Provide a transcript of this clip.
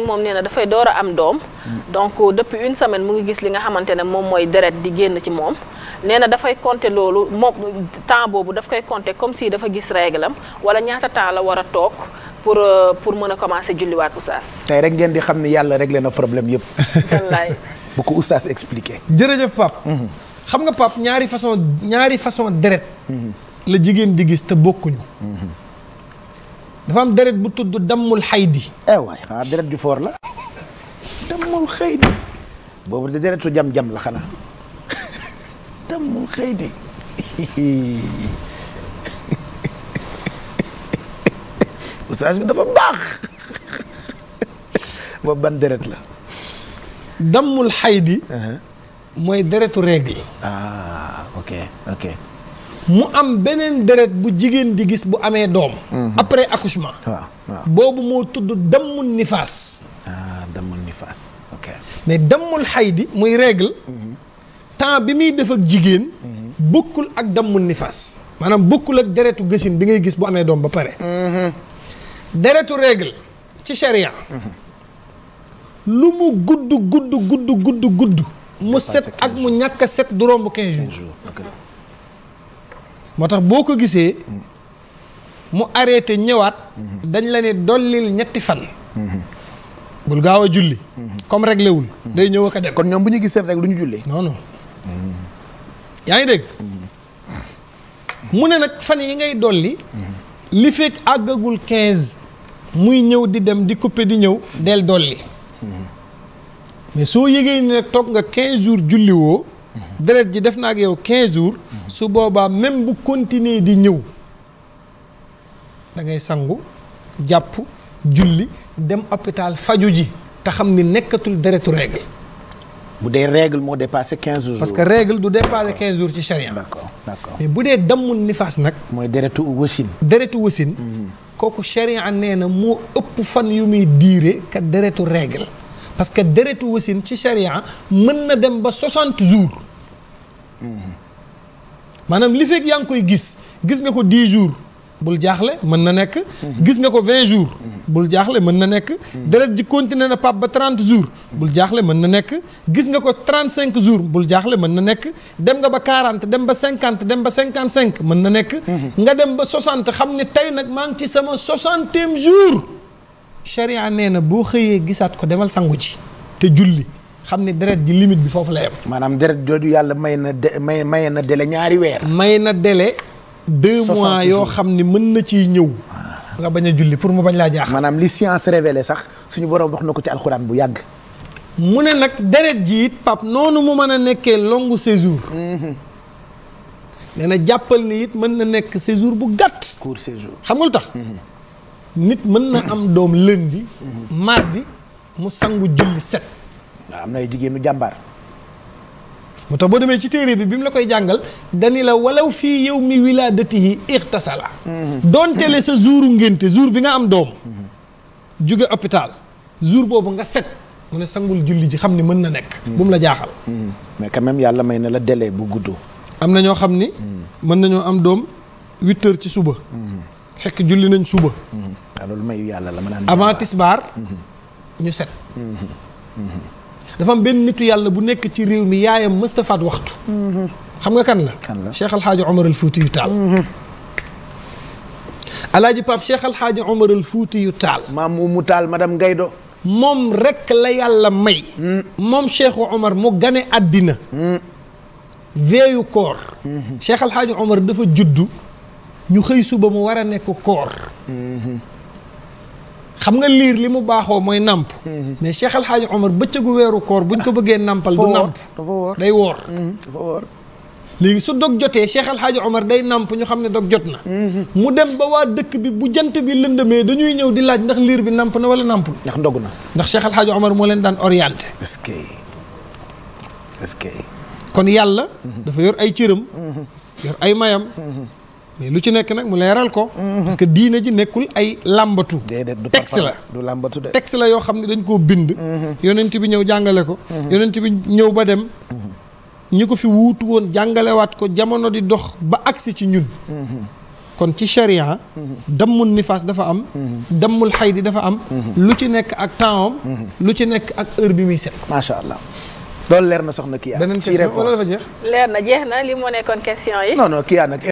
nag moom nee na dafay door a am doom donc depuis une semaine mu ngi gis li nga xamante ne moom mooy deret di génn ci moom neena na dafay compter loolu moom temps boobu daf koy compter comme si dafa gis règle am wala ñaata temps la war a toog pour euh, pour mën a commencer julliwaat oustaz. tey rek ngeen di xam ne yàlla réglé na problème yëpp. wallaay bu ko oustaz expliqué. jërëjëf Pape. Mhm. xam nga Pape ñaari façon ñaari façon deret mhm. la jigéen di gis te bokkuñu. Mhm. dafa am deret bu tudd dammul xaydi. eh waay xanaa deret ju foor la. dammul xaydi. boobu de deretu jam jam la xanaa. dammul xaydi. ustaas bi dafa baax. boobu ban deret la. dammul xaydi. Uh-huh. mooy deretu règle. ah ok ok. mu am beneen deret bu jigéen di gis bu amee doom. Mhm. après accouchement. Ah, ah. boobu moo tudd dammul nifaas. ah dammul nifaas ok. mais dammul xaydi muy régle mhm. temps bi muy def ak jigéen. Mhm. bokkul ak dammul nifaas. maanaam bokkul ak deretu gësin bi ngay gis bu amee doom ba pare. deretu régle ci charia. lu mu gudd gudd gudd gudd gudd. mu set ak mu ñàkk a set du romb moo tax boo ko gisee mu arrêté ñëwaat dañ la ne dollil ñetti fan bul gaaw a julli comme réglé day ñëw ak a kon ñoom bu ñu gisee rek lu ñu julli non non yaa ngi dégg mu ne nag fan yi ngay dolli li fekk àggagul quinze muy ñëw di dem di coupé di ñëw del dolli mais soo yëgee ni nag toog nga quinze jours julli deret ji def na ak yow 15 jours. su boobaa même bu continuer di ñëw dangay sangu jàpp julli dem hôpital faju ji te xam ni nekkatul deretu règle. bu dee règle moo dépassé 15 jours. parce que règle du dépassé 15 jours ci charia. d'accord mais bu dee dammul nifaas nag. mooy deretu wasin. deretu wasin. Mhm. kooku charia nee na moo ëpp fan yu muy diire ka deretu règle. parce que deretu wasin ci charia mën na dem ba 60 jours maanaam li fekk yaa ngi koy gis gis nga ko 10 jours bul jaaxle mën na nekk gis nga ko 20 jours bul jaaxle mën na nekk deret ji continué na pap ba 30 jours bul jaaxle mën na nekk gis nga ko cinq jours bul jaaxle mën na nekk dem nga ba 40 dem ba cinquante dem ba 55 mën na nekk nga dem ba 60 xam ne tey nag maa ngi ci sama 60e jour charia nee na boo xëyee gisaat ko demal sangu ci te julli xam ne deret ji limite bi foofu la yem. maanaam deret jooju yàlla may na de may na délai ñaari weer. may na délai. deux mois yoo xam ni mën na ciy ñëw. nga bañ a julli pour mu bañ laa jaax maanaam li science révélé sax suñu borom wax na ko ci alxuraan bu yàgg. mu ne nag deret ji it pap noonu mu mën a nekkee longu séjour. Mhm. nee na jàppal ni it mën na nekk séjour bu gàtt. court séjour xam tax. Mhm. nit mën na am doom lundi. mardi mu sangu julli set. waaw am na ay jigéenu jàmbar mu tax boo demee ci téere bi bi mu la koy jàngal dani la walaw fii yow mi wi laa wilaadatihi irtasala mm-hmm. donte le sa jouru ngénte jour bi nga am doom. Mm-hmm. jóge hôpital jour boobu nga set. mu ne sangul julli ji xam ni mën na nekk. Mm-hmm. bu mu la jaaxal. mais quand même yàlla may na la délai bu guddoo am na ñoo xam ni. mën nañoo am doom huit ci suba. fekk julli nañ suba. waaw mm-hmm. loolu yàlla la ma naan avant tisbaar mm-hmm. ñu set. Mm-hmm. dafa am benn nitu yàlla bu nekk ci réew mi yaayam mëstafaat waxtu. xam nga kan la. kan la Cheikh El Hadj Omar El Fouti yu taal. El Hadj Pape Cheikh El Hadj yu taal. maam mu taal madame Gaydo moom rek la yàlla may. Mm. moom Cheikh Omar mu gane àddina. veeyu mm. koor. Cheikh El Omar dafa juddu. ñu xëy suba mu war a nekk koor mm-hmm. xam nga liir li mu baaxoo mooy nàmp mm-hmm. mais Cheikh El Hadj Omar bëccëgu weeru koor buñ ko bëggee nàmpal du nàmp day mm-hmm. woor léegi su dog jotee Cheikh El Omar day nàmp ñu xam ne dog jot na mu dem ba waa dëkk bi bu jant bi lëndëmee dañuy ñëw di laaj ndax liir bi nàmp na wala nàmp ndax ndog na ndax Cheikh El Omar moo leen daan orienté kon yàlla dafa yor ay cëram yor ay mayam mais lu ci nekk nag mu leeral ko. Mhm. parce que diine ji nekkul ay làmbatu. déedéet du la du làmbatu de. texte la yoo xam ne dañ koo bind. Mhm. yonent bi ñëw jàngale ko. Mhm. yonent bi ñëw ba dem. ñi ko fi wuutu woon jàngalewaat ko jamono di dox ba agsi ci ñun. kon ci charia. dammul nifaas dafa am. dammul di dafa am. lu ci nekk ak temps lu ci nekk ak heure bi muy set. macha allah. loolu leer na soxna Kya. beneen question leer na jeex na li moo nekkoon question yi.